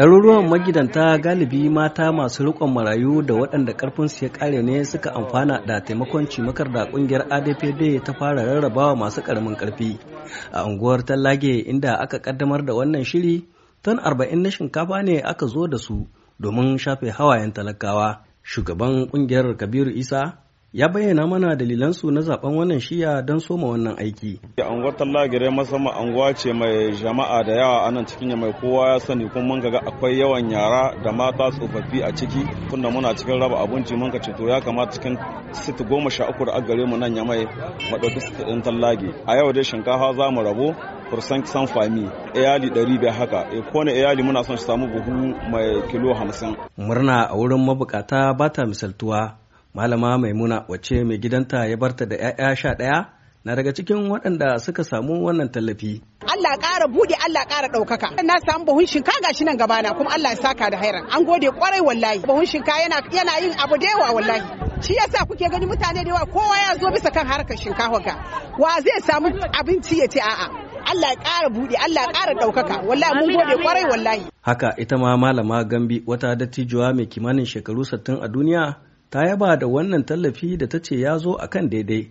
ɗaruruwan magidanta galibi mata masu riƙon marayu da waɗanda ƙarfinsu ya ƙare ne suka amfana da taimakon cimakar da ƙungiyar adpd ta fara rarrabawa masu ƙaramin ƙarfi a unguwar tallage inda aka ƙaddamar da wannan shiri ton arba'in na shinkafa ne aka zo da su domin shafe hawayen talakawa shugaban ƙungiyar kabiru isa ya bayyana mana dalilansu na zaben wannan shiya don soma wannan aiki. Anguwar Tallagire masamman anguwa ce mai jama'a da yawa a nan cikin mai kowa ya sani kuma mun ga akwai yawan yara da mata tsofaffi a ciki tunda muna cikin raba abinci mun ka ce to ya kamata cikin siti goma sha uku da agare mu nan ya mai maɗauki siti ɗin A yau dai shinkafa za mu rabo kursan san fami iyali ɗari biyar haka e kone iyali muna son su samu buhu mai kilo hamsin. Murna a wurin mabukata ba ta misaltuwa malama maimuna wace mai gidanta ya barta da 'ya'ya sha ɗaya na daga cikin waɗanda suka samu wannan tallafi Allah ƙara buɗe Allah ƙara ɗaukaka. Na samu buhun shinka gashi nan gaba na kuma Allah ya saka da hairan. An gode kwarai wallahi. Buhun shinka yana yana yin abu da yawa wallahi. Shi yasa kuke gani mutane da yawa kowa ya zo bisa kan harkar shinkafa ga. Wa zai samu abinci ya ce a'a. Allah ya ƙara buɗe, Allah ya ƙara ɗaukaka. Wallahi mun gode kwarai wallahi. Haka ita ma malama Gambi wata dattijuwa mai kimanin shekaru 60 a duniya ta yaba da wannan tallafi da ta ce ya zo a kan daidai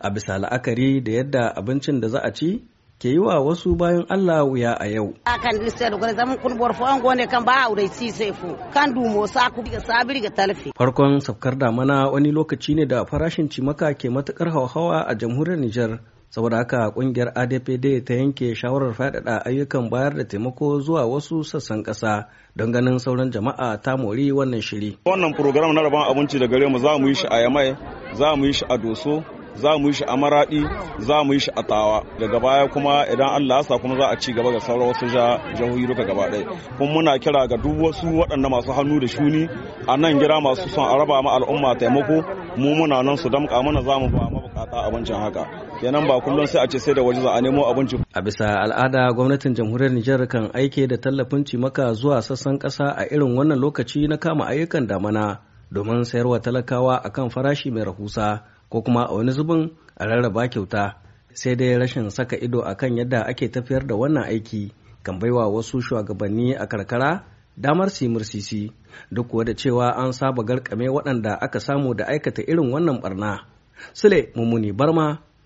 a bisa la'akari da yadda abincin da za a ci ke yi wa wasu bayan Allah wuya a yau. A kan listar gwada zaman kulbuwar fuwan gone kan ba aure si sai fu kan dumo sa ku ga sabir ga talfi. Farkon safkar damana wani lokaci ne da farashin cimaka ke matukar hauhawa a jamhuriyar Nijar saboda haka kungiyar adpd ta yanke shawarar faɗaɗa ayyukan bayar da taimako zuwa wasu sassan ƙasa don ganin sauran jama'a ta mori wannan shiri wannan program na rabon abinci da gare mu za mu yi shi a yamai za mu yi shi a doso za mu yi shi a maraɗi za mu yi shi a tawa daga baya kuma idan allah ya sa kuma za a ci gaba ga sauran wasu jihohi duka gaba ɗaya kuma muna kira ga duk wasu waɗanda masu hannu da shuni a nan gida masu son a raba ma al'umma taimako mu muna nan su damƙa mana za mu ba mabukata abincin haka kenan ba kullum sai a ce sai da waje za a nemo abinci a bisa al'ada gwamnatin jamhuriyar Nijar kan aike da tallafin cimaka zuwa sassan ƙasa a irin wannan lokaci na kama ayyukan damana domin sayarwa talakawa akan farashi mai rahusa ko kuma a wani zubin a rarraba kyauta sai dai rashin saka ido akan yadda ake tafiyar da wannan aiki kan baiwa wasu shugabanni a karkara damar su mursisi duk kuwa da cewa an saba garkame waɗanda aka samu da aikata irin wannan barna. Sule Mummuni Barma